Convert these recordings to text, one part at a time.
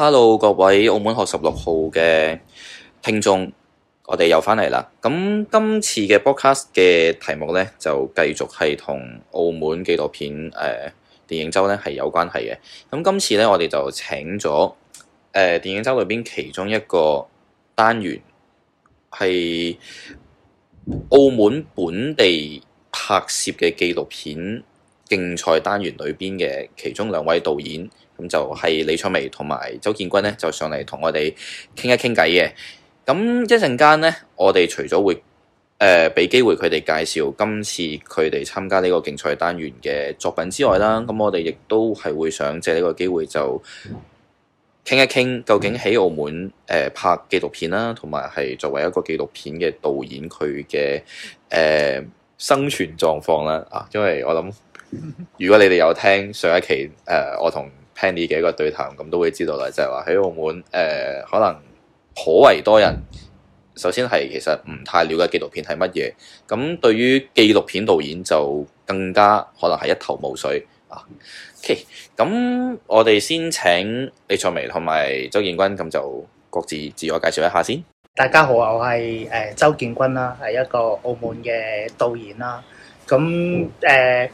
Hello，各位澳門學十六號嘅聽眾，我哋又翻嚟啦。咁今次嘅 broadcast 嘅題目呢，就繼續係同澳門紀錄片誒、呃、電影周呢係有關係嘅。咁今次呢，我哋就請咗誒、呃、電影周裏邊其中一個單元係澳門本地拍攝嘅紀錄片競賽單元裏邊嘅其中兩位導演。咁就係李卓媚同埋周建君咧，就上嚟同我哋傾一傾偈嘅。咁一陣間咧，我哋除咗會誒俾機會佢哋介紹今次佢哋參加呢個競賽單元嘅作品之外啦，咁我哋亦都係會想借呢個機會就傾一傾究竟喺澳門誒、呃、拍紀錄片啦，同埋係作為一個紀錄片嘅導演佢嘅誒生存狀況啦。啊，因為我諗如果你哋有聽上一期誒、呃、我同，聽呢幾個對談咁都會知道啦，就係話喺澳門誒、呃，可能頗為多人。首先係其實唔太了解紀錄片係乜嘢，咁對於紀錄片導演就更加可能係一頭霧水啊。OK，咁我哋先請李卓媚同埋周建君，咁就各自自我介紹一下先。大家好啊，我係誒、呃、周建君啦，係一個澳門嘅導演啦。咁誒。嗯呃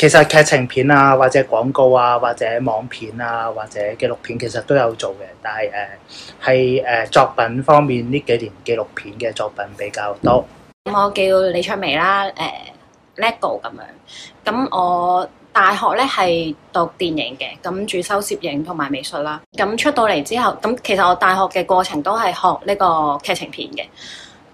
其實劇情片啊，或者廣告啊，或者網片啊，或者紀錄片其實都有做嘅，但係誒係誒作品方面呢幾年紀錄片嘅作品比較多。咁我叫李卓媚啦，呃，Lego 咁樣。咁我大學咧係讀電影嘅，咁主修攝影同埋美術啦。咁出到嚟之後，咁其實我大學嘅過程都係學呢個劇情片嘅。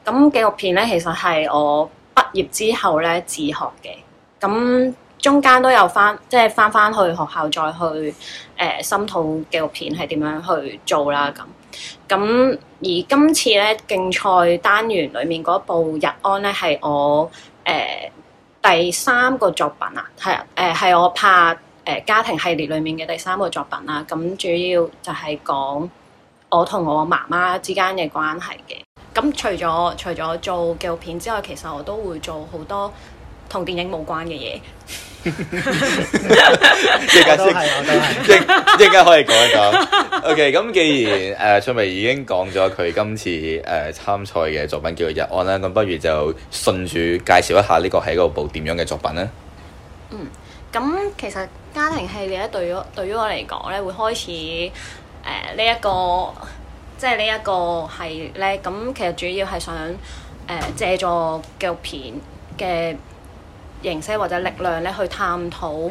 咁紀錄片咧，其實係我畢業之後咧自學嘅。咁中間都有翻，即係翻翻去學校再去誒、呃，深討紀錄片係點樣去做啦？咁咁而今次咧競賽單元裡面嗰部日安咧係我誒、呃、第三個作品啊，係啊誒係我拍誒、呃、家庭系列裡面嘅第三個作品啦。咁主要就係講我同我媽媽之間嘅關係嘅。咁除咗除咗做紀錄片之外，其實我都會做好多同電影冇關嘅嘢。即係介紹，即刻 釋 可以講一講。O K，咁既然誒、呃，卓媚已經講咗佢今次誒參賽嘅作品叫做《日安》啦，咁不如就順住介紹一下呢個係嗰部點樣嘅作品咧。嗯，咁其實家庭系列咧，對於對於我嚟講咧，會開始誒呢一個，即係、這個、呢一個係咧。咁其實主要係想借、呃、助紀錄片嘅。形式或者力量咧，去探討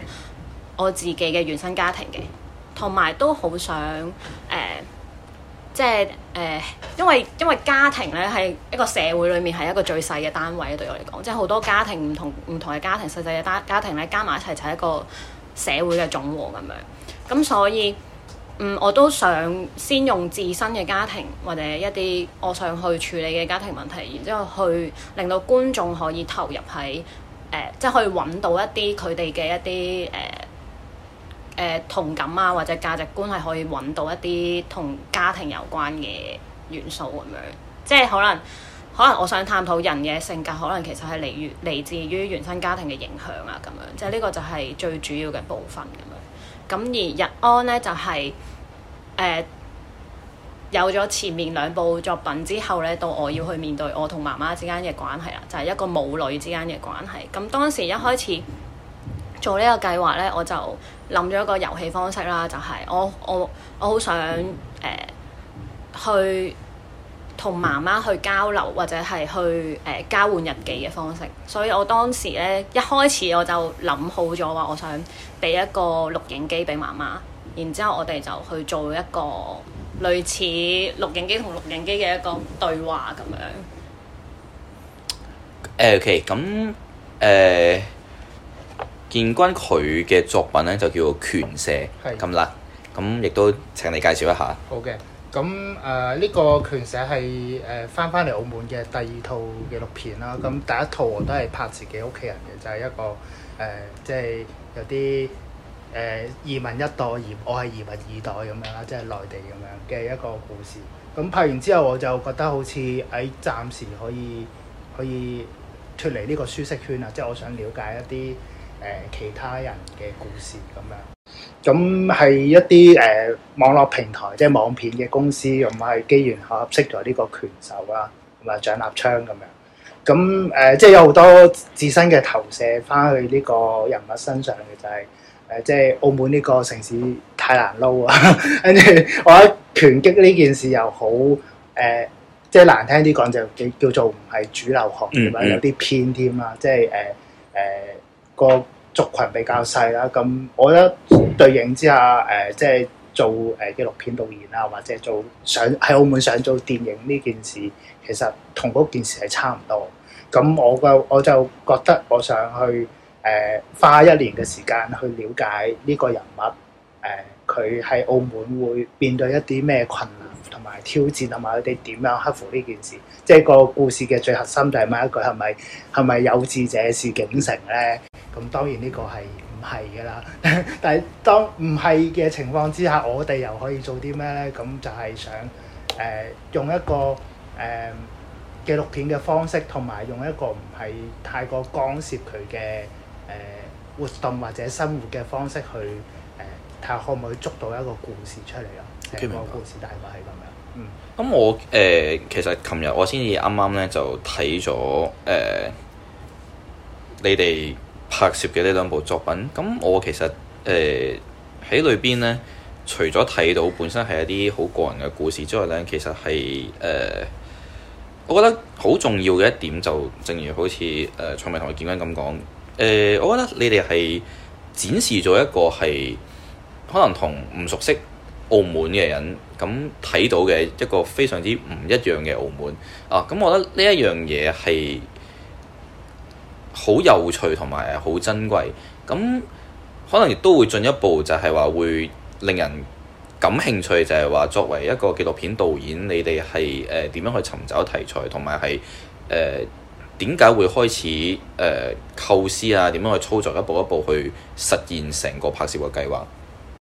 我自己嘅原生家庭嘅，同埋都好想誒，即係誒，因為因為家庭咧係一個社會裏面係一個最細嘅單位，對我嚟講，即係好多家庭唔同唔同嘅家庭細細嘅單家庭咧加埋一齊就係一個社會嘅總和咁樣。咁所以嗯，我都想先用自身嘅家庭或者一啲我想去處理嘅家庭問題，然之後去令到觀眾可以投入喺。誒、呃，即係可以揾到一啲佢哋嘅一啲誒、誒同感啊，或者價值觀，係可以揾到一啲同家庭有關嘅元素咁樣，即係可能可能我想探討人嘅性格，可能其實係嚟於嚟自於原生家庭嘅影響啊咁樣，即係呢個就係最主要嘅部分咁樣。咁而日安呢，就係、是、誒。呃有咗前面兩部作品之後咧，到我要去面對我同媽媽之間嘅關係啦，就係一個母女之間嘅關係。咁當時一開始做呢個計劃咧，我就諗咗一個遊戲方式啦，就係我我我好想誒去同媽媽去交流，或者係去誒交換日記嘅方式。所以我當時咧一開始我就諗好咗話，我想俾一個錄影機俾媽媽，然之後我哋就去做一個。類似錄影機同錄影機嘅一個對話咁樣。OK 咁誒，建軍佢嘅作品咧就叫做《拳舍》，咁啦是，咁亦都請你介紹一下。好嘅、okay.，咁誒呢個《拳舍》係誒翻翻嚟澳門嘅第二套嘅紀錄片啦。咁第一套我都係拍自己屋企人嘅，就係、是、一個誒，即、呃、係、就是、有啲。誒移民一代，而我係移民二代咁樣啦，即係內地咁樣嘅一個故事。咁拍完之後，我就覺得好似喺暫時可以可以脫離呢個舒適圈啊，即係我想了解一啲誒、呃、其他人嘅故事咁樣。咁係一啲誒、呃、網絡平台，即係網片嘅公司，又唔係機緣巧合識咗呢個拳手啦，同埋蔣立昌咁樣。咁誒、呃，即係有好多自身嘅投射翻去呢個人物身上嘅就係、是。誒、呃，即係澳門呢個城市太難撈啊！跟 住我覺得拳擊呢件事又好誒、呃，即係難聽啲講就叫叫做唔係主流行業，mm hmm. 有啲偏添啊。即係誒誒個族群比較細啦。咁我覺得對應之下誒、呃，即係做誒紀錄片導演啊，或者做想喺澳門想做電影呢件事，其實同嗰件事係差唔多。咁我就我就覺得我想去。誒花一年嘅時間去了解呢個人物，誒佢喺澳門會面對一啲咩困難同埋挑戰，同埋佢哋點樣克服呢件事，即係個故事嘅最核心就係問一句係咪係咪有志者事竟成咧？咁當然呢個係唔係㗎啦， 但係當唔係嘅情況之下，我哋又可以做啲咩咧？咁就係想誒、呃、用一個誒、呃、紀錄片嘅方式，同埋用一個唔係太過干涉佢嘅。活動或者生活嘅方式去睇下可唔可以捉到一個故事出嚟咯。成 Okay, 個故事大概係咁樣。咁白、嗯、我誒、呃、其實琴日我先至啱啱咧就睇咗誒你哋拍攝嘅呢兩部作品。咁我其實誒喺裏邊咧，除咗睇到本身係一啲好個人嘅故事之外咧，其實係誒、呃、我覺得好重要嘅一點就，正如好似誒卓媚同埋建君咁講。呃呃、我覺得你哋係展示咗一個係可能同唔熟悉澳門嘅人咁睇到嘅一個非常之唔一樣嘅澳門啊！咁、嗯、我覺得呢一樣嘢係好有趣同埋好珍貴，咁、嗯、可能亦都會進一步就係話會令人感興趣，就係、是、話作為一個紀錄片導演，你哋係誒點樣去尋找題材同埋係誒？點解會開始誒、呃、構思啊？點樣去操作？一步一步去實現成個拍攝嘅計劃。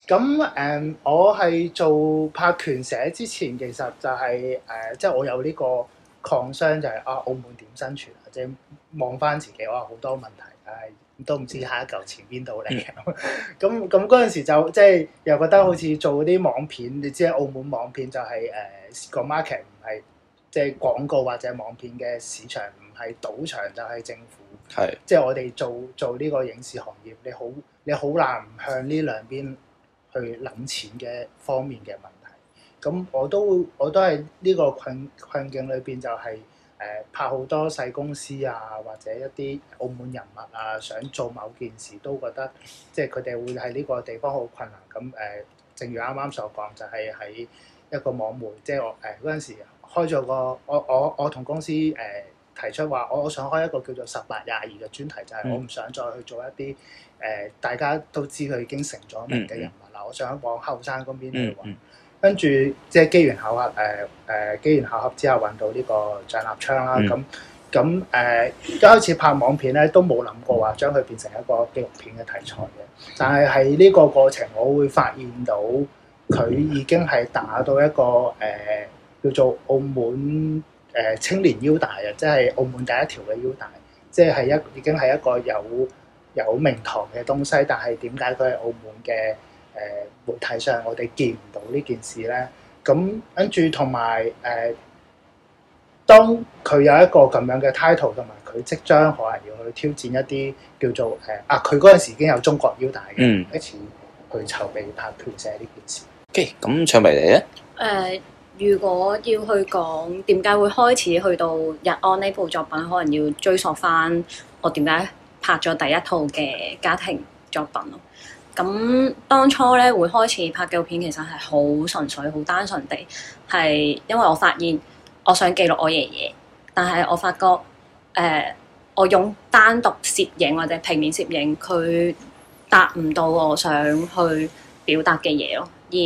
咁誒、呃，我係做拍拳舍之前，其實就係、是、誒、呃，即係我有呢個創傷、就是，就係啊，澳門點生存或者啊？即係望翻自己哇，好多問題，唉、啊，都唔知下一嚿錢邊度嚟。咁咁嗰陣時就即係又覺得好似做啲網片，你知澳門網片就係誒個 market 唔係即係廣告或者網片嘅市場。係賭場就係政府，係即係我哋做做呢個影視行業，你好你好難唔向呢兩邊去諗錢嘅方面嘅問題。咁我都我都係呢個困困境裏邊、就是，就係誒拍好多細公司啊，或者一啲澳門人物啊，想做某件事都覺得即係佢哋會喺呢個地方好困難。咁、呃、誒，正如啱啱所講，就係、是、喺一個網媒，即係我誒嗰陣時開咗個我我我同公司誒。呃提出話，我我想開一個叫做十八廿二嘅專題，就係、是、我唔想再去做一啲誒、呃、大家都知佢已經成咗名嘅人物啦，嗯嗯、我想往後生嗰邊嚟揾。跟住、嗯嗯、即係機緣巧合，誒、呃、誒機緣巧合之後揾到呢個鄭立昌啦。咁咁誒一開始拍網片咧，都冇諗過話將佢變成一個紀錄片嘅題材嘅。但係喺呢個過程，我會發現到佢已經係打到一個誒、呃、叫做澳門。誒青年腰帶啊，即係澳門第一條嘅腰帶，即係一已經係一個有有名堂嘅東西。但係點解佢喺澳門嘅誒、呃、媒體上，我哋見唔到呢件事咧？咁跟住同埋誒，當佢有一個咁樣嘅 title，同埋佢即將可能要去挑戰一啲叫做誒、呃、啊！佢嗰陣時已經有中國腰帶嘅、嗯、一次去籌備拍拳舍呢件事。咁、okay，唱備嚟。咧？誒。如果要去講點解會開始去到日安呢部作品，可能要追溯翻我點解拍咗第一套嘅家庭作品咯。咁當初咧會開始拍嘅片其實係好純粹、好單純地係因為我發現我想記錄我爺爺，但係我發覺誒、呃、我用單獨攝影或者平面攝影，佢達唔到我想去表達嘅嘢咯，而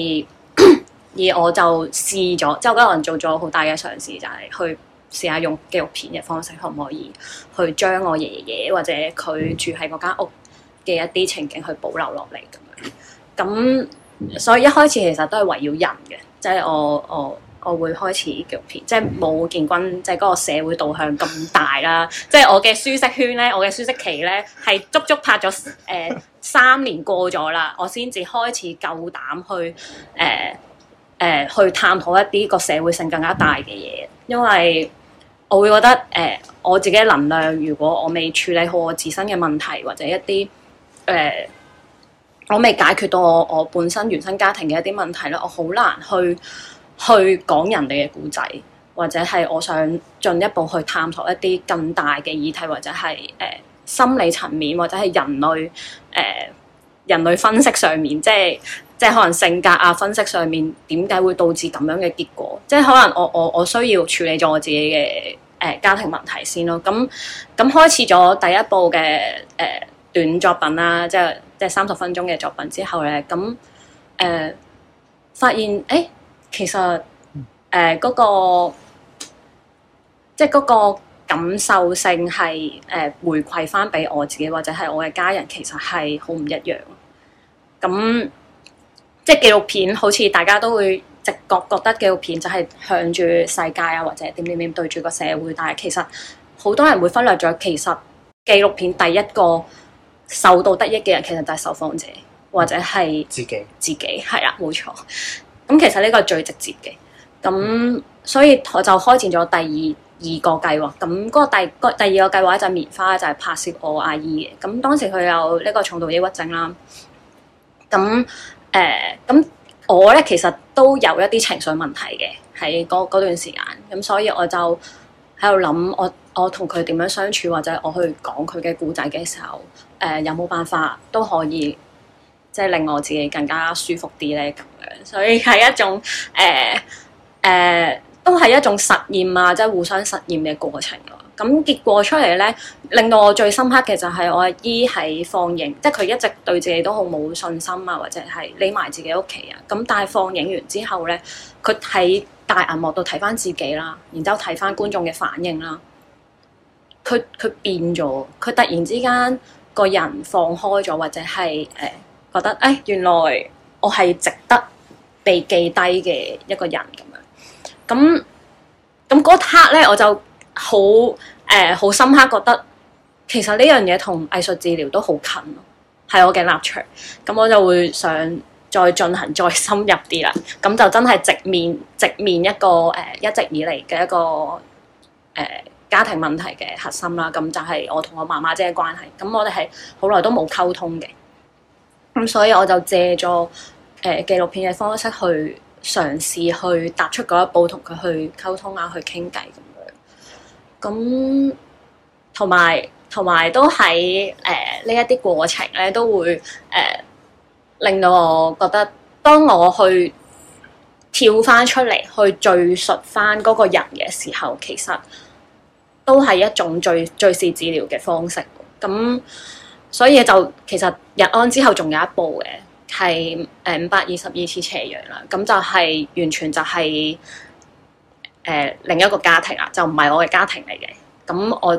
而我就試咗，即係我個人做咗好大嘅嘗試，就係去試下用紀錄片嘅方式，可唔可以去將我爺爺或者佢住喺嗰間屋嘅一啲情景去保留落嚟咁樣。咁所以一開始其實都係圍繞人嘅，即係我我我會開始紀錄片，即係冇建軍，即係嗰個社會導向咁大啦。即係我嘅舒適圈咧，我嘅舒適期咧，係足足拍咗誒、呃、三年過咗啦，我先至開始夠膽去誒。呃誒去探索一啲個社會性更加大嘅嘢，因為我會覺得誒、呃、我自己嘅能量，如果我未處理好我自身嘅問題，或者一啲誒、呃、我未解決到我我本身原生家庭嘅一啲問題咧，我好難去去講人哋嘅故仔，或者係我想進一步去探索一啲更大嘅議題，或者係誒、呃、心理層面，或者係人類誒、呃、人類分析上面，即係。即係可能性格啊，分析上面點解會導致咁樣嘅結果？即係可能我我我需要處理咗我自己嘅誒、呃、家庭問題先咯。咁、嗯、咁、嗯、開始咗第一部嘅誒、呃、短作品啦，即係即係三十分鐘嘅作品之後咧，咁、嗯、誒、呃、發現誒、欸、其實誒嗰、呃嗰個即係嗰個感受性係誒、呃、回饋翻俾我自己或者係我嘅家人，其實係好唔一樣咁。嗯即係紀錄片，好似大家都會直覺覺得紀錄片就係向住世界啊，或者點點點對住個社會。但係其實好多人會忽略咗，其實紀錄片第一個受到得益嘅人其實就係受訪者或者係自己自己係啊，冇錯。咁其實呢個係最直接嘅。咁所以我就開展咗第二二個計劃。咁、嗰個第、嗰個第二個計劃就係棉花，就係拍攝我阿姨嘅。咁當時佢有呢個重度抑鬱症啦，咁。誒，咁，我咧其實都有一啲情緒問題嘅，喺嗰段時間，咁所以我就喺度諗，我我同佢點樣相處，或者我去講佢嘅故仔嘅時候，誒有冇辦法都可以，即係令我自己更加舒服啲咧咁樣，所以係一種誒誒都係一種實驗啊，即係互相實驗嘅過程咯。咁結果出嚟呢，令到我最深刻嘅就係我阿姨喺放映，即係佢一直對自己都好冇信心啊，或者係匿埋自己屋企啊。咁但係放映完之後呢，佢喺大銀幕度睇翻自己啦，然之後睇翻觀眾嘅反應啦，佢佢變咗，佢突然之間個人放開咗，或者係誒、呃、覺得誒、哎、原來我係值得被記低嘅一個人咁樣。咁咁嗰刻呢，我就好誒好深刻覺得，其實呢樣嘢，同藝術治療都好近咯，係我嘅立場。咁我就會想再進行，再深入啲啦。咁就真係直面直面，一個誒、呃、一直以嚟嘅一個誒、呃、家庭問題嘅核心啦。咁就係我同我媽媽姐嘅關係，咁我哋係好耐都冇溝通嘅。咁所以我就借咗誒紀錄片嘅方式去嘗試去踏出嗰一步，同佢去溝通啊，去傾偈。咁同埋同埋都喺誒，呢一啲過程咧，都會誒、呃、令到我覺得，當我去跳翻出嚟去敘述翻嗰個人嘅時候，其實都係一種敘敘事治療嘅方式。咁所以就其實日安之後仲有一部嘅係誒五百二十二次斜陽啦。咁就係、是、完全就係、是。誒另一個家庭啊，就唔係我嘅家庭嚟嘅。咁我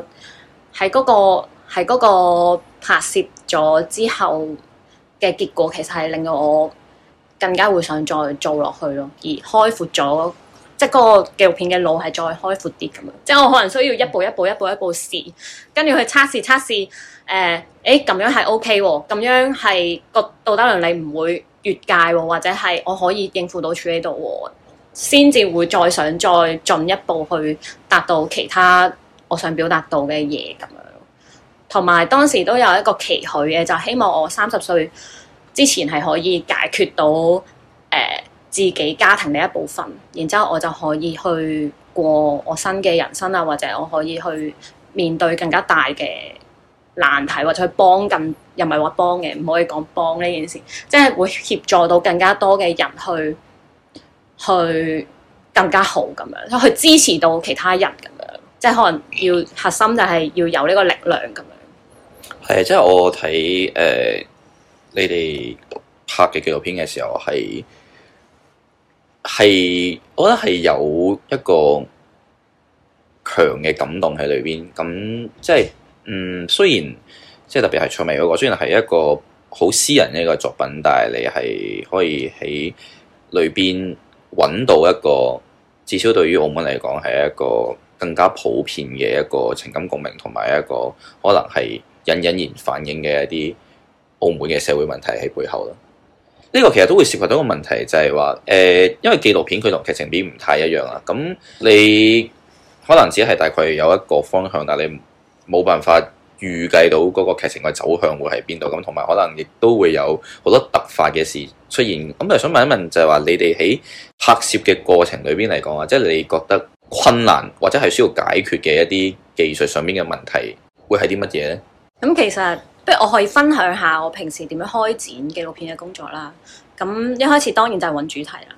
喺嗰、嗰個喺嗰個拍攝咗之後嘅結果，其實係令到我更加會想再做落去咯，而開闊咗，即係嗰個紀錄片嘅路係再開闊啲咁樣。即係我可能需要一步一步、一步一步試，跟住去測試、測試、呃。誒，誒咁樣係 OK 喎、哦，咁樣係個道德倫理唔會越界喎、哦，或者係我可以應付到，處理到、哦、處喺度喎。先至會再想再進一步去達到其他我想表達到嘅嘢咁樣，同埋當時都有一個期許嘅，就係、希望我三十歲之前係可以解決到誒、呃、自己家庭嘅一部分，然之後我就可以去過我新嘅人生啊，或者我可以去面對更加大嘅難題，或者去幫更又唔係話幫嘅，唔可以講幫呢件事，即係會協助到更加多嘅人去。去更加好咁樣，去支持到其他人咁樣，即係可能要核心就係要有呢個力量咁樣。係，即係我睇誒、呃、你哋拍嘅紀錄片嘅時候，係係我覺得係有一個強嘅感動喺裏邊。咁即係嗯，雖然即係特別係卓媚嗰個，雖然係一個好私人嘅一個作品，但係你係可以喺裏邊。揾到一個至少對於澳門嚟講係一個更加普遍嘅一個情感共鳴，同埋一個可能係隱隱然反映嘅一啲澳門嘅社會問題喺背後咯。呢、呢個其實都會涉及到一個問題就，就係話誒，因為紀錄片佢同劇情片唔太一樣啦。咁你可能只係大概有一個方向，但係你冇辦法。預計到嗰個劇情嘅走向會喺邊度咁，同埋可能亦都會有好多突發嘅事出現。咁、嗯、就係、想問一問，就係、係、話你哋喺拍攝嘅過程裏邊嚟講啊，即係你覺得困難或者係需要解決嘅一啲技術上面嘅問題，會係啲乜嘢呢？咁其實不如我可以分享下我平時點樣開展紀錄片嘅工作啦。咁一開始當然就係揾主題啦。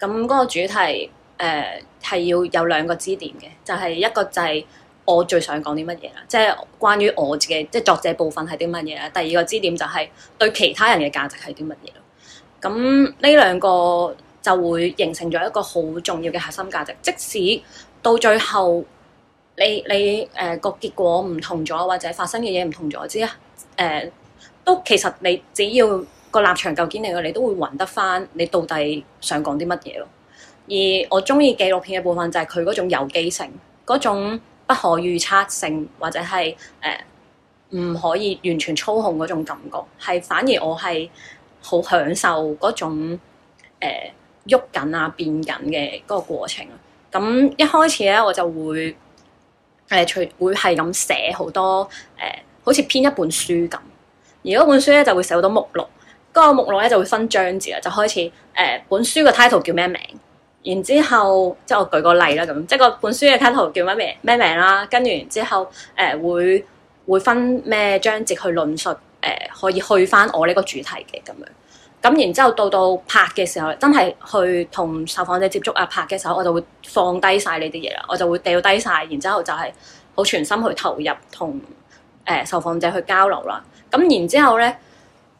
咁嗰個主題誒係、呃、要有兩個支點嘅，就係、係、一個就係、係。我最想講啲乜嘢啦，即係關於我自己，即係作者部分係啲乜嘢啦。第二個支點就係對其他人嘅價值係啲乜嘢咯。咁呢兩個就會形成咗一個好重要嘅核心價值。即使到最後你你誒個、呃、結果唔同咗，或者發生嘅嘢唔同咗之啊，誒、呃、都其實你只要個立場夠堅定嘅，你都會揾得返你到底想講啲乜嘢咯。而我鍾意紀錄片嘅部分就係佢嗰種有機性嗰種。不可預測性或者係，誒唔可以完全操控嗰種感覺，係反而我係好享受嗰種喐、呃、緊啊變緊嘅嗰個過程。咁一開始咧，我就會誒除、呃、會係咁寫好多誒、呃，好似編一本書咁。而嗰本書咧就會寫好多目錄，嗰、那個目錄咧就會分章節啦，就開始誒、呃、本書嘅 title 叫咩名？然之後，即係我舉個例啦，咁即係個本書嘅卡圖叫乜名咩名啦。跟住然之後，誒、呃、會會分咩章節去論述，誒、呃、可以去翻我呢個主題嘅咁樣。咁然之後到到拍嘅時候，真係去同受訪者接觸啊，拍嘅時候我就會放低晒呢啲嘢啦，我就會掉低晒。然之後就係好全心去投入同誒、呃、受訪者去交流啦。咁然之後咧，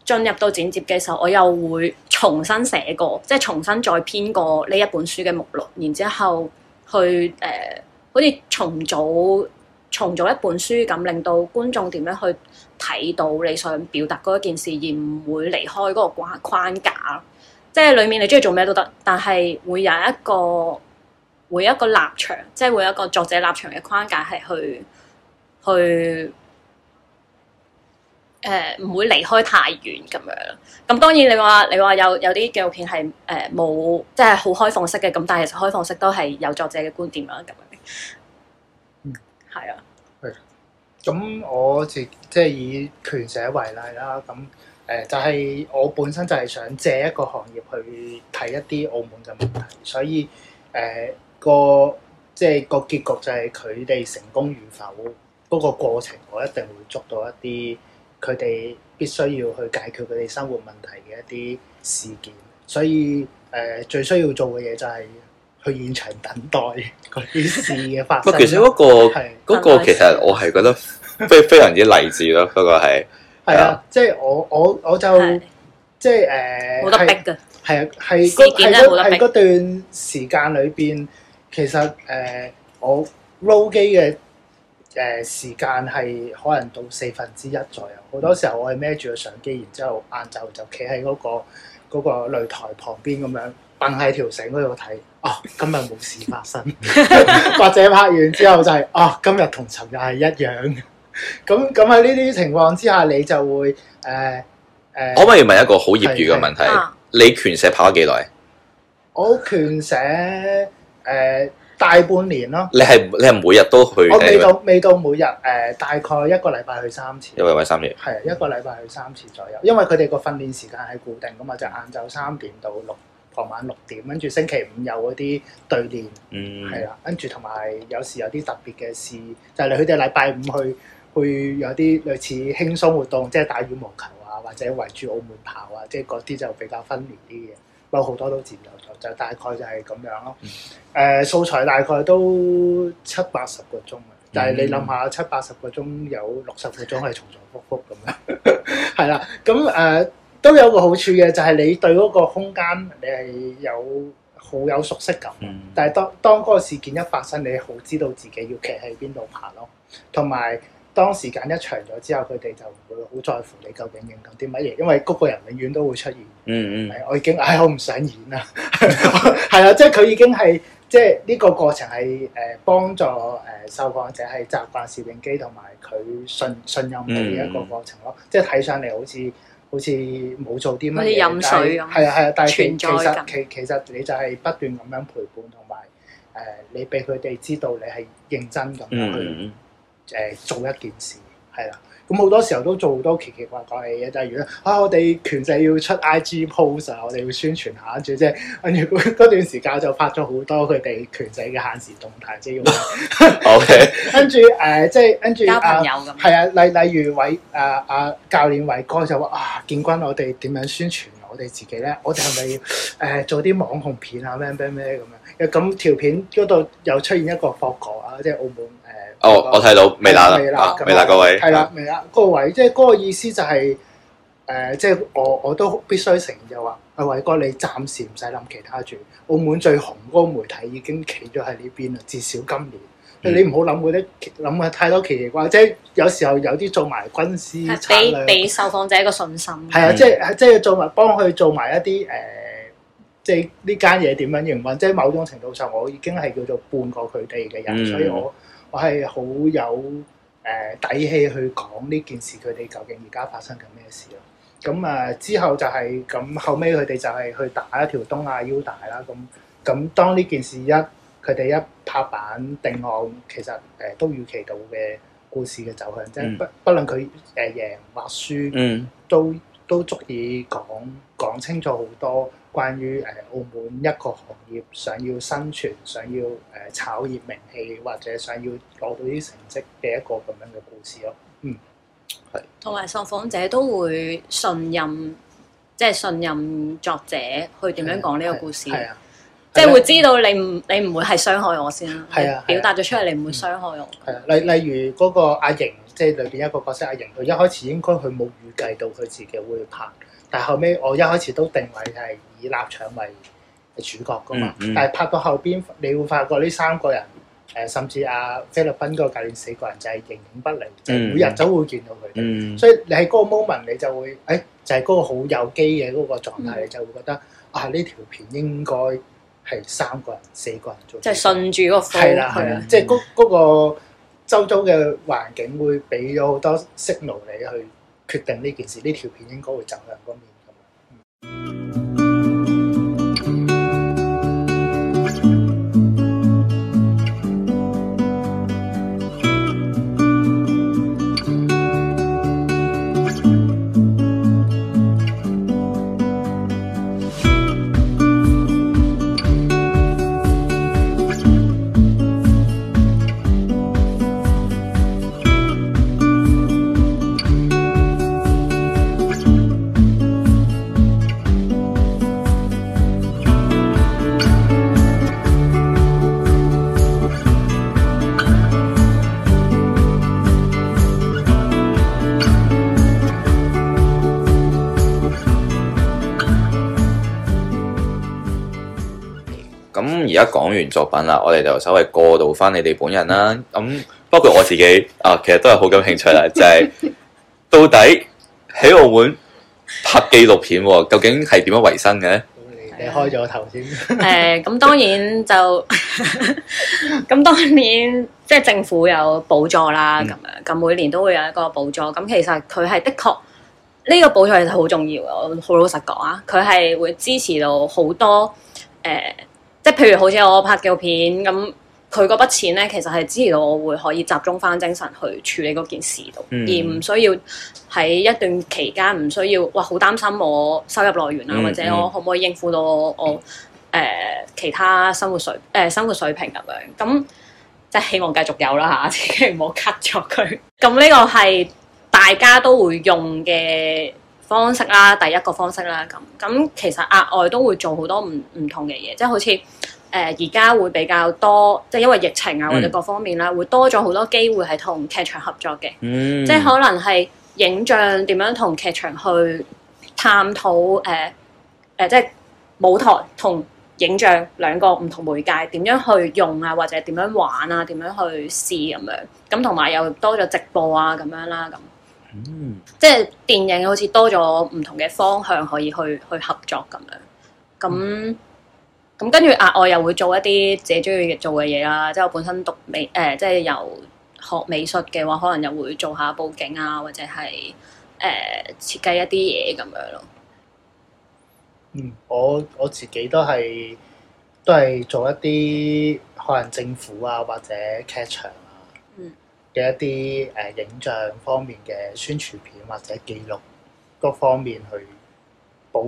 進入到剪接嘅時候，我又會，重新寫過，即係重新再編過呢一本書嘅目錄，然之後去誒、呃，好似重組重組一本書咁，令到觀眾點樣去睇到你想表達嗰件事，而唔會離開嗰個框框架。即係裏面你中意做咩都得，但係會有一個會有一個立場，即係會有一個作者立場嘅框架係去去。去誒唔、呃、會離開太遠咁樣。咁當然你話你話有有啲紀錄片係誒冇，即係好開放式嘅。咁但係其實開放式都係有作者嘅觀點啦。咁樣，嗯，係啊，係。咁我自即係以拳舍為例啦。咁誒、呃、就係、是、我本身就係想借一個行業去睇一啲澳門嘅問題。所以誒個、呃、即係個結局就係佢哋成功與否。嗰、那個過程我一定會捉到一啲。佢哋必須要去解決佢哋生活問題嘅一啲事件，所以誒、呃、最需要做嘅嘢就係去現場等待嗰啲事嘅發生。唔係，其實嗰個係嗰個，的個其實我係覺得非非常之勵志咯。嗰的 個係係啊，即係我我我就的即係誒，冇、呃、是得逼係啊，係嗰嗰段時間裏邊，其實誒、嗯嗯、我 low 機嘅。誒時間係可能到四分之一左右，好多時候我係孭住個相機，然之後晏晝就企喺嗰個嗰個擂台旁邊咁樣掟喺條繩嗰度睇。哦，今日冇事發生， 或者拍完之後就係、是、哦，今日同尋日係一樣。咁咁喺呢啲情況之下，你就會誒誒。呃呃、我可唔可以問一個好業餘嘅問題，啊、你拳舍拍咗幾耐？我拳舍誒。呃大半年咯，你係你係每日都去？我未到未到每日誒、呃，大概一個禮拜去三次，有有三一個禮拜三次，係一個禮拜去三次左右，因為佢哋個訓練時間係固定㗎嘛，就晏晝三點到六，傍晚六點，跟住星期五有嗰啲對練，係啦、嗯，跟住同埋有時有啲特別嘅事，就係佢哋禮拜五去去有啲類似輕鬆活動，即係打羽毛球啊，或者圍住澳門跑啊，即係嗰啲就比較分練啲嘅。有好多都佔有咗，就是、大概就係咁樣咯。誒、嗯呃，素材大概都七八十個鐘嘅，但係、嗯、你諗下，七八十個鐘有六十個鐘係重重複複咁樣，係 啦、啊。咁誒、呃、都有個好處嘅，就係、是、你對嗰個空間你係有好有熟悉感。嗯、但係當當嗰個事件一發生，你好知道自己要企喺邊度行咯，同埋。當時間一長咗之後，佢哋就唔會好在乎你究竟影緊啲乜嘢，因為嗰個人永遠都會出現。嗯嗯、mm hmm.。我已經唉，我唔想演啦。係 啊，即係佢已經係即係呢個過程係誒、呃、幫助誒、呃、受訪者係習慣攝影機同埋佢信信任你嘅一個過程咯。Mm hmm. 即係睇上嚟好似好似冇做啲乜，嘢，似飲水咁。係啊係啊，但係其實其其實你就係不斷咁樣陪伴同埋誒，你俾佢哋知道你係認真咁樣去。Mm hmm. 誒做一件事係啦，咁好多時候都做好多奇奇怪怪嘅嘢，例如咧啊，我哋拳舍要出 IG post 啊，我哋要宣傳下，跟住即係跟住嗰段時間就發咗好多佢哋拳舍嘅限時動態，即係用 OK，跟住誒即係跟住交朋友咁，係啊，例例如偉誒阿教練偉哥就話啊，建君我哋點樣宣傳我哋自己咧？我哋係咪要誒做啲網紅片啊咩咩咩咁樣？咁條片嗰度又出現一個僕國啊，即係澳門。哦，哦我睇到，未啦，未啦，各位，係啦，未啦，各位，即係嗰個意思就係、是，誒、呃，即、就、係、是、我我都必須承認就話，阿、啊、偉哥，你暫時唔使諗其他住，澳門最紅嗰個媒體已經企咗喺呢邊啦，至少今年，嗯、你唔好諗嗰啲諗嘅太多奇奇怪怪。即係有時候有啲做埋軍師，俾俾受訪者一個信心，係啊、嗯，即係即係做埋幫佢做埋一啲誒，即係呢間嘢點樣營運，即、就、係、是、某種程度上我已經係叫做半個佢哋嘅人、嗯，所以我、嗯。我係好有誒、呃、底氣去講呢件事，佢哋究竟而家發生緊咩事咯？咁啊、呃、之後就係、係、咁後尾佢哋就係去打一條東亞腰帶啦。咁咁當呢件事一佢哋一拍板定案，其實誒、呃、都預期到嘅故事嘅走向，即係、mm. 不不論佢誒、呃、贏或輸，mm. 都都足以講講清楚好多。關於澳門一個行業想要生存、想要誒炒熱名氣或者想要攞到啲成績嘅一個咁樣嘅故事咯，嗯，同埋受訪者都會信任，即係信任作者去點樣講呢個故事，即係會知道你唔你唔會係傷害我先啦，係啊，表達咗出嚟，你唔會傷害我，例例如嗰個阿瑩，即係裏邊一個角色阿瑩，佢一開始應該佢冇預計到佢自己會拍。但後尾我一開始都定位係以臘腸為主角噶嘛，嗯嗯、但係拍到後邊你會發覺呢三個人，誒、呃、甚至阿、啊、菲律賓嗰個教練四個人就係形影不離，嗯、就係每日都會見到佢。嗯、所以你喺嗰 moment 你就會誒、哎、就係、是、嗰個好有機嘅嗰個狀態，嗯、你就會覺得啊呢條片應該係三個人四個人做。即係順住個係啦係啦，即係個周遭嘅環境會俾咗好多 signal 你去決定呢件事，呢條片應該會走向嗰面。噉完作品啦，我哋就稍微過渡翻你哋本人啦。咁包括我自己啊，其實都係好感興趣啦。就係、是、到底喺澳門拍紀錄片，究竟係點樣維生嘅？你開咗頭先。誒、嗯、咁、呃、當然就咁，當然即係政府有補助啦。咁樣咁每年都會有一個補助。咁其實佢係的確呢、這個補助其實好重要。我好老實講啊，佢係會支持到好多誒。嗯嗯即譬如好似我拍紀錄片咁，佢嗰筆錢咧，其實係支持到我會可以集中翻精神去處理嗰件事度，嗯、而唔需要喺一段期間唔需要哇好擔心我收入來源啊，嗯、或者我可唔可以應付到我誒、嗯呃、其他生活水誒、呃、生活水平咁樣。咁即係希望繼續有啦吓，千祈唔好 cut 咗佢。咁呢 個係大家都會用嘅。方式啦，第一個方式啦，咁咁其實額外都會做好多唔唔同嘅嘢，即係好似誒而家會比較多，即係因為疫情啊或者各方面啦，嗯、會多咗好多機會係同劇場合作嘅，嗯、即係可能係影像點樣同劇場去探討誒誒即係舞台同影像兩個唔同媒介點樣去用啊，或者點樣玩啊，點樣去試啊咁樣，咁同埋又多咗直播啊咁樣啦咁。嗯，即係電影好似多咗唔同嘅方向可以去去合作咁樣，咁咁跟住額外又會做一啲自己中意做嘅嘢啦。即係我本身讀美誒、呃，即係由學美術嘅話，可能又會做下布景啊，或者係誒、呃、設計一啲嘢咁樣咯。嗯，我我自己都係都係做一啲可能政府啊或者劇場嘅一啲誒影像方面嘅宣傳片或者記錄各方面去保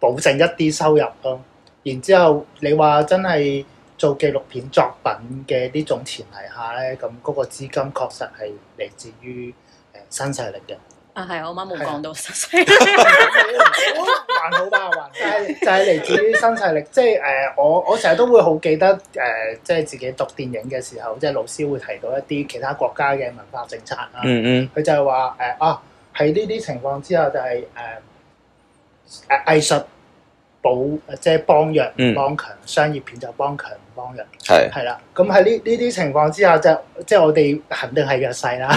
保證一啲收入咯，啊，然之後，你話真係做紀錄片作品嘅呢種前提下咧，咁嗰個資金確實係嚟自於誒新勢力嘅。啊，係我媽冇講到，還好吧還好，就係嚟自於新勢力，即係誒、呃，我我成日都會好記得誒、呃，即係自己讀電影嘅時候，即係老師會提到一啲其他國家嘅文化政策啊，嗯嗯，佢就係話誒啊，喺呢啲情況之下、就是呃，就係、是、誒，藝術保即係幫弱唔幫強，商業片就幫強。幫嘅係係啦，咁喺呢呢啲情況之下，就即係我哋肯定係弱勢啦。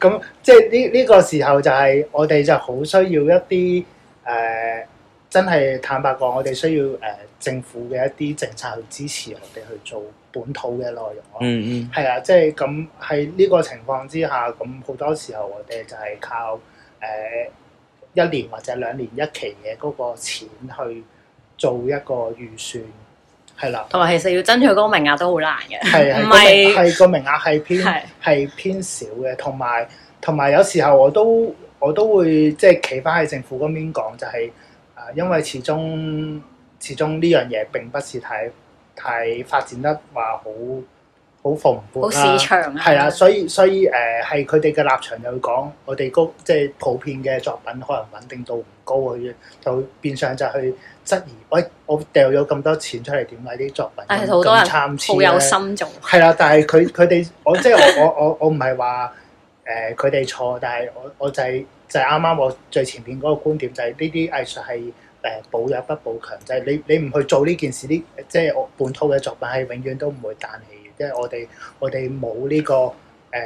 咁、嗯、 即係呢呢個時候、就是，就係我哋就好需要一啲誒、呃，真係坦白講，我哋需要誒、呃、政府嘅一啲政策去支持我哋去做本土嘅內容咯、嗯。嗯嗯，係啦，即係咁喺呢個情況之下，咁好多時候我哋就係靠誒、呃、一年或者兩年一期嘅嗰個錢去做一個預算。係啦，同埋其實要爭取嗰個名額都好難嘅，唔係係個名額係偏係的偏少嘅，同埋同埋有時候我都我都會即係企翻喺政府嗰邊講、就係，就係啊，因為始終始終呢樣嘢並不是太太發展得話好好蓬勃，啊、好市場啊，係啊，所以所以誒，係佢哋嘅立場就會講，我哋嗰即係普遍嘅作品可能穩定度唔高，佢就變相就去，質疑我我掉咗咁多錢出嚟點解啲作品好好有心咧？係啦，但係佢佢哋我即係我我我唔係話誒佢哋錯，但係我我就係、是、就係啱啱我最前面嗰個觀點、就是，就係呢啲藝術係誒補弱不補強，就係、是、你你唔去做呢件事，呢即係本土嘅作品係永遠都唔會彈起，因為我哋我哋冇呢個誒、呃、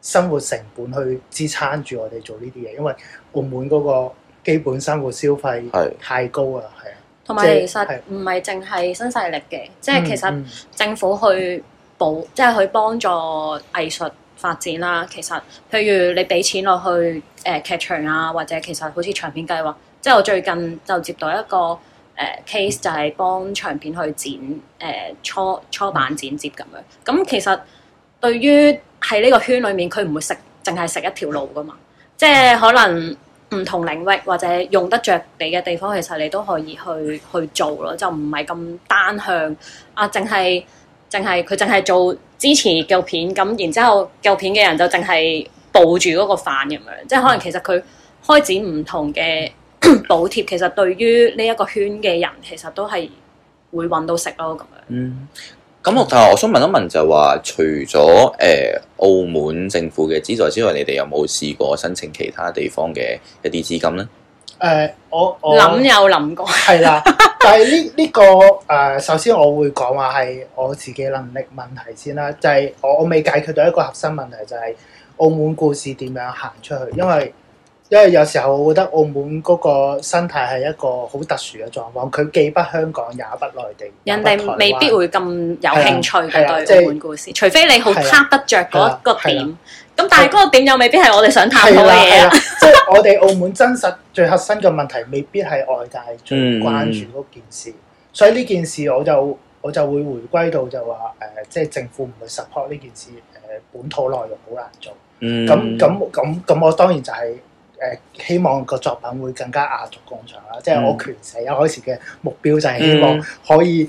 生活成本去支撐住我哋做呢啲嘢，因為澳門嗰個。基本生活消費係太高啊，係啊的，同埋其實唔係淨係新勢力嘅，即係是的其實政府去補，嗯、即係去幫助藝術發展啦。其實，譬如你俾錢落去誒、呃、劇場啊，或者其實好似長片計劃，即係我最近就接到一個誒、呃、case、嗯、就係幫長片去剪誒、呃、初初版剪接咁樣。咁、嗯、其實對於喺呢個圈裡面，佢唔會食淨係食一條路㗎嘛，即係可能。唔同領域或者用得着你嘅地方，其實你都可以去去做咯，就唔係咁單向啊，淨係淨係佢淨係做支持舊片，咁然之後舊片嘅人就淨係保住嗰個飯咁樣，即係可能其實佢開展唔同嘅 補貼，其實對於呢一個圈嘅人，其實都係會揾到食咯咁樣。嗯咁我、嗯、但係我想問一問就係話，除咗誒、呃、澳門政府嘅資助之外，你哋有冇試過申請其他地方嘅一啲資金呢？誒、呃，我諗有諗過，係啦。 但係呢呢個誒、呃，首先我會講話係我自己能力問題先啦。就係、是、我我未解決到一個核心問題，就係、是、澳門故事點樣行出去，因為，因為有時候我覺得澳門嗰個生態係一個好特殊嘅狀況，佢既不香港也不內地，人哋未必會咁有興趣嘅對澳門故事，除非你好抓得著嗰個點。咁但係嗰個點又未必係我哋想探討嘅嘢啊。即係我哋澳門真實最核心嘅問題，未必係外界最關注嗰件事。所以呢件事我就我就會回歸到就話誒，即係政府唔會 support 呢件事，誒本土內容好難做。咁咁咁咁，我當然就係。誒，希望個作品會更加雅俗共賞啦，即係我拳舍一開始嘅目標就係希望可以，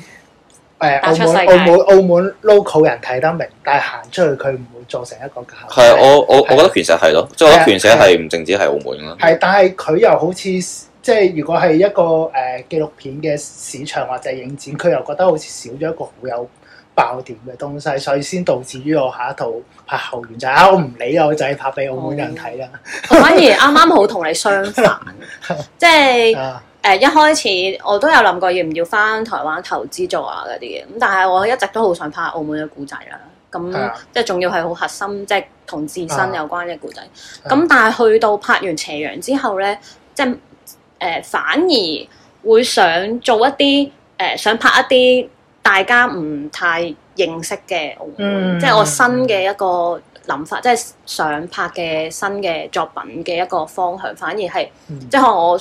誒，澳澳澳澳門 local 人睇得明，但係行出去佢唔會做成一個隔閡。是是我我我覺得拳舍係咯，即係我覺得拳舍係唔淨止係澳門啦。係，但係佢又好似即係如果係一個誒紀錄片嘅市場或者影展，佢又覺得好似少咗一個好有。爆點嘅東西，所以先導致於我下一套拍後緣就啊，我唔理我就係拍俾澳門人睇啦。 反而啱啱好同你相反，即係誒一開始我都有諗過要唔要翻台灣投資做啊嗰啲嘢，咁但係我一直都好想拍澳門嘅故仔啦。咁即係仲要係好核心，即係同自身有關嘅故仔。咁、啊啊、但係去到拍完斜陽之後咧，即係誒反而會想做一啲誒、呃、想拍一啲。大家唔太認識嘅，即係、嗯、我新嘅一個諗法，即係、嗯、想拍嘅新嘅作品嘅一個方向，反而係即係我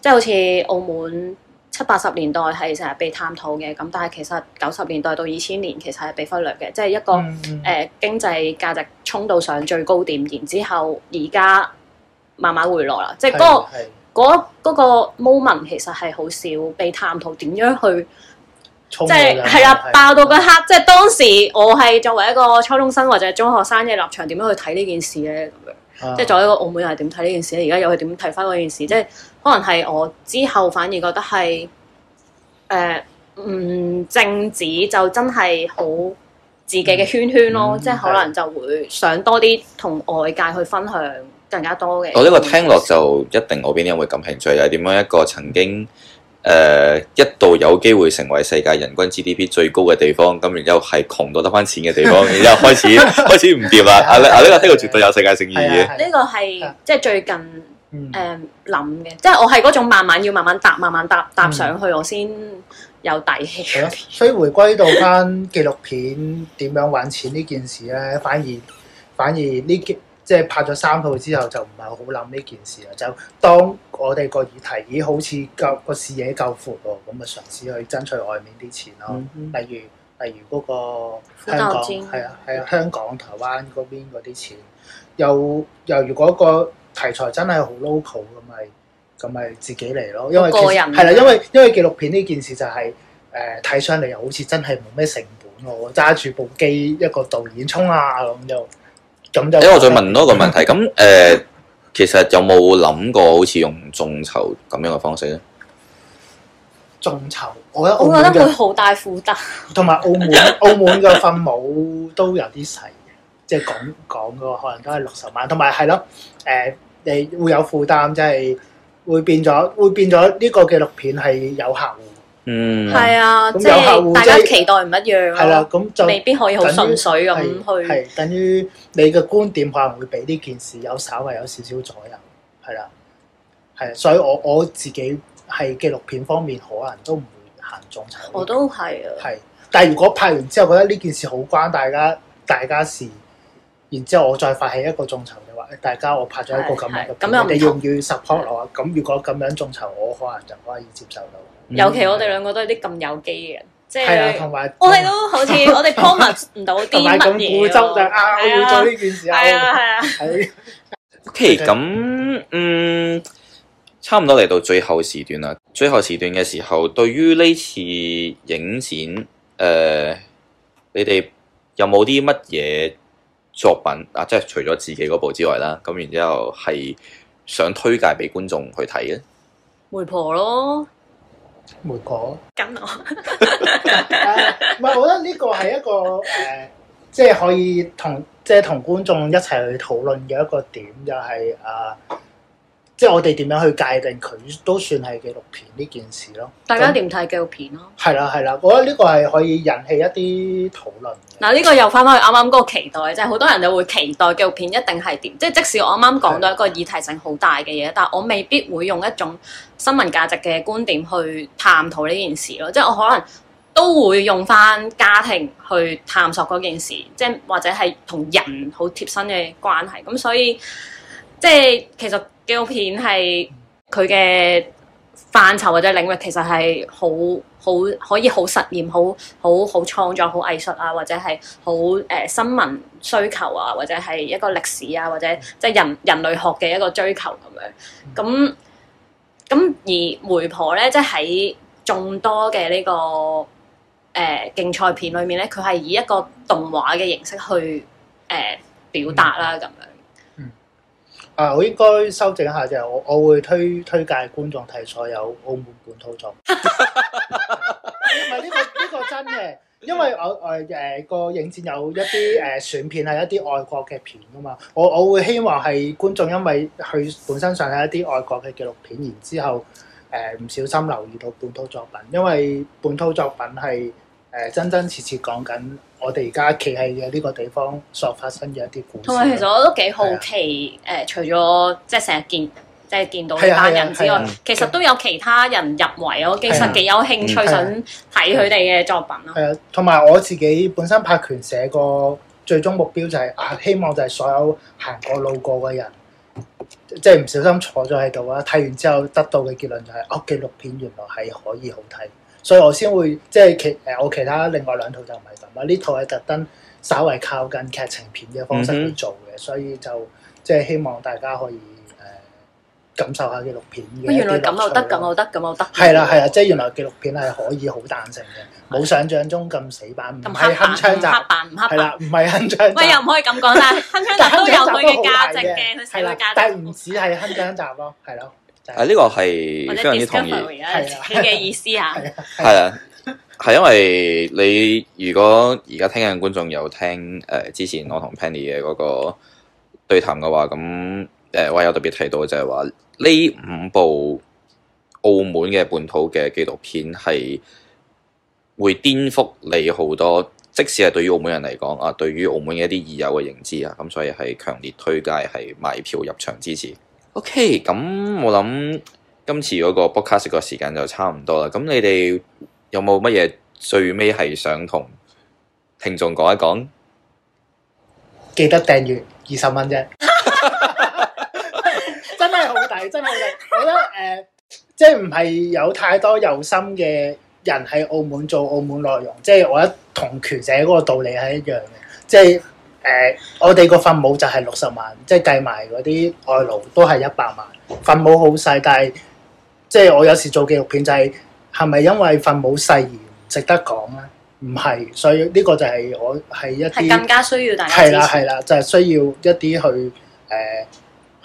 即係好似澳門七八十年代係成日被探討嘅，咁但係其實九十年代到二千年其實係被忽略嘅，即係、嗯、一個誒、嗯呃、經濟價值衝到上最高點，然之後而家慢慢回落啦，是即係、那、嗰個嗰個 moment 其實係好少被探討點樣去。即係係啦，的爆到嗰刻，的即係當時我係作為一個初中生或者中學生嘅立場，點樣去睇呢件事呢？的即係作為一個澳門人點睇呢件事咧？而家又係點睇翻嗰件事？即係可能係我之後反而覺得係誒唔政，呃、治就真係好自己嘅圈圈咯，嗯嗯、即係可能就會想多啲同外界去分享更加多嘅、嗯。我呢個聽落就一定外邊啲人會感興趣，又係點樣一個曾經。誒，一度有機會成為世界人均 GDP 最高嘅地方，咁然之後係窮到得翻錢嘅地方，然之後開始開始唔掂啦。阿阿呢個呢個絕對有世界性意義嘅。呢個係即係最近誒諗嘅，即係我係嗰種慢慢要慢慢搭，慢慢搭搭上去，我先有底氣。係咯，所以回歸到翻紀錄片點樣揾錢呢件事咧，反而反而呢即係拍咗三套之後，就唔係好諗呢件事啦。就當我哋個議題已經，好似夠個視野夠闊喎，咁啊嘗試去爭取外面啲錢咯，嗯嗯。例如例如嗰個香港係啊係啊，香港台灣嗰邊嗰啲錢。又又如果個題材真係好 local 咁咪咁咪自己嚟咯。因為個人係啦，啊，因為因為紀錄片呢件事就係誒睇上嚟又好似真係冇咩成本喎，揸住部機一個導演衝啊咁就。因為、就是欸、我再問多一個問題，咁誒、呃，其實有冇諗過好似用眾籌咁樣嘅方式咧？眾籌，我覺得會好大負擔，同埋澳門 澳門嘅分母都有啲細嘅，即係講講嘅可能都係六十萬，同埋係咯，誒、呃，你會有負擔，即、就、係、是、會變咗，會變咗呢個紀錄片係有客戶。嗯，係啊，嗯、即係是大家期待唔一樣、啊，係啦、啊，咁就未必可以好純粹咁去。係等於於你嘅觀點可能會俾呢件事有稍微有少少左右，係啦、啊，係、啊、所以我我自己喺紀錄片方面可能都唔會行眾籌。我都係啊，係。但係如果拍完之後覺得呢件事好關大家大家事，然之後我再發起一個眾籌嘅話，大家我拍咗一個咁樣嘅，咁樣你要唔要 support 我的？咁如果咁樣眾籌，我可能就可以接受到。嗯、尤其我哋兩個都係啲咁有機嘅人，啊、即係有我哋都好似 我哋 promise 唔到啲乜嘢。買種固執就啱固執呢件事。係啊係啊。O K，咁嗯，差唔多嚟到最後時段啦。最後時段嘅時候，對於呢次影展，誒、呃，你哋有冇啲乜嘢作品啊？即、就、係、是、除咗自己嗰部之外啦，咁然之後係想推介俾觀眾去睇嘅？媒婆咯。沒過咁著我唔係、 啊，我覺得呢個係一個誒、呃，即係可以同即係同觀眾一齊去討論嘅一個點，就係、是、啊。呃即係我哋點樣去界定佢都算係紀錄片呢件事咯？大家點睇紀錄片咯？係啦係啦，我覺得呢個係可以引起一啲討論。嗱、啊，呢、呢個又翻返去啱啱嗰個期待，即係好多人都會期待紀錄片一定係點，即係即使我啱啱講到一個議題性好大嘅嘢，的但我未必會用一種新聞價值嘅觀點去探討呢件事咯。即係我可能都會用翻家庭去探索嗰件事，即係或者係同人好貼身嘅關係。咁所以即係其實。紀錄片係佢嘅範疇或者領域，其實係好好可以好實驗、好好好創作、好藝術啊，或者係好誒新聞需求啊，或者係一個歷史啊，或者即係人人類學嘅一個追求咁樣。咁咁而媒婆咧，即係喺眾多嘅呢個誒競賽片裏面咧，佢係以一個動畫嘅形式去誒表達啦咁樣。啊！我應該修正一下啫，就係、我我會推推介觀眾題材有澳門本土作品。唔係呢個呢、呢個真嘅，因為我誒誒、呃、個影展有一啲誒選片係一啲外國嘅片噶嘛，我我會希望係觀眾因為佢本身上係一啲外國嘅紀錄片，然之後誒唔、呃、小心留意到本土作品，因為本土作品係。誒，真真切切講緊我哋而家企喺嘅呢個地方所發生嘅一啲故事。同埋，其實我都幾好奇，誒、啊呃，除咗即係成日見，即係見到呢班人之外，啊啊啊、其實都有其他人入圍。我其實幾有興趣、啊啊啊、想睇佢哋嘅作品咯。係啊，同埋我自己本身拍拳舍個最終目標就係、是、啊，希望就係所有行過路過嘅人，即係唔小心坐咗喺度啊，睇完之後得到嘅結論就係、是，哦、啊，紀錄片原來係可以好睇。所以我先會即係其，誒，我其他另外兩套就唔係咁啦，呢套係特登稍微靠近劇情片嘅方式去做嘅，嗯、哼所以就即係希望大家可以誒感受下紀錄片紀錄原嘅。咁又得，咁又得，咁又得。係啦，係啦，即係原來紀錄片係可以好彈性嘅，冇的想像中咁死板。唔係。鏗鏘集。鏗鏘。係啦，唔係鏗鏘唔，喂，又唔可以咁講啦，鏗鏘集都有佢嘅價值嘅，係啦，但係唔止係鏗鏘集咯，係咯。 就是、啊！呢個係非常之同意，係自己嘅意，意思啊。係啊，係因為你如果而家聽緊觀眾有聽誒、呃，之前我同 Penny 嘅嗰個對談嘅話，咁誒我有特別提到就係話呢五部澳門嘅本土嘅紀錄片係會顛覆你好多，即使係對於澳門人嚟講啊，對於澳門嘅一啲已有嘅認知啊，咁所以係強烈推介，係買票入場支持。OK，咁我諗今次嗰個 podcast 個時間就差唔多啦。咁你哋有冇乜嘢最尾係想同聽眾講一講？記得訂閱二十蚊啫，真係好抵，真係好抵。我覺得誒，即係唔係有太多有心嘅人喺澳門做澳門內容，即係我覺得同拳舍嗰個道理係一樣嘅，即係。誒，uh, 我哋個分母就係六十萬，即係計埋嗰啲外勞都係一百萬。分母好細，但係即係我有時做紀錄片就係係咪因為分母細而唔值得講咧？唔係，所以呢個就係我係一啲係更加需要，大家，係啦係啦，就係、係、需要一啲去誒。Uh,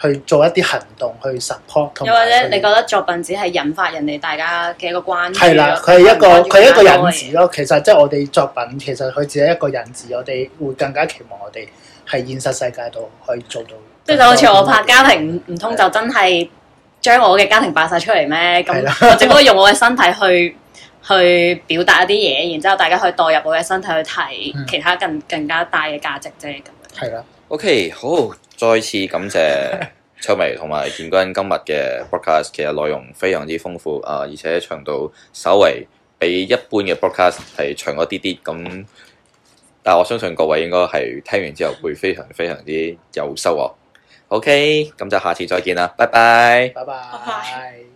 去做一啲行動去 support，又或者你覺得作品只係引發人哋大家嘅一個關注？係啦，佢係一個佢係一個引子咯。咯其實即係我哋作品，其實佢只係一個引子。我哋會更加期望我哋喺現實世界度去做到。即就好似我拍家庭，唔通了就真係將我嘅家庭擺晒出嚟咩？咁我只可以用我嘅身體去 去表達一啲嘢，然之後大家去以代入我嘅身體去睇其他更、嗯、更加大嘅價值啫。咁係啦。了 OK，好。再次感謝卓媚同埋建君今日嘅 broadcast，其實內容非常之豐富啊，呃，而且長度稍為比一般嘅 broadcast 係長咗啲啲，咁但係我相信各位應該係聽完之後會非常非常之有收穫。 OK，咁就下次再見啦，拜拜，拜拜，拜拜。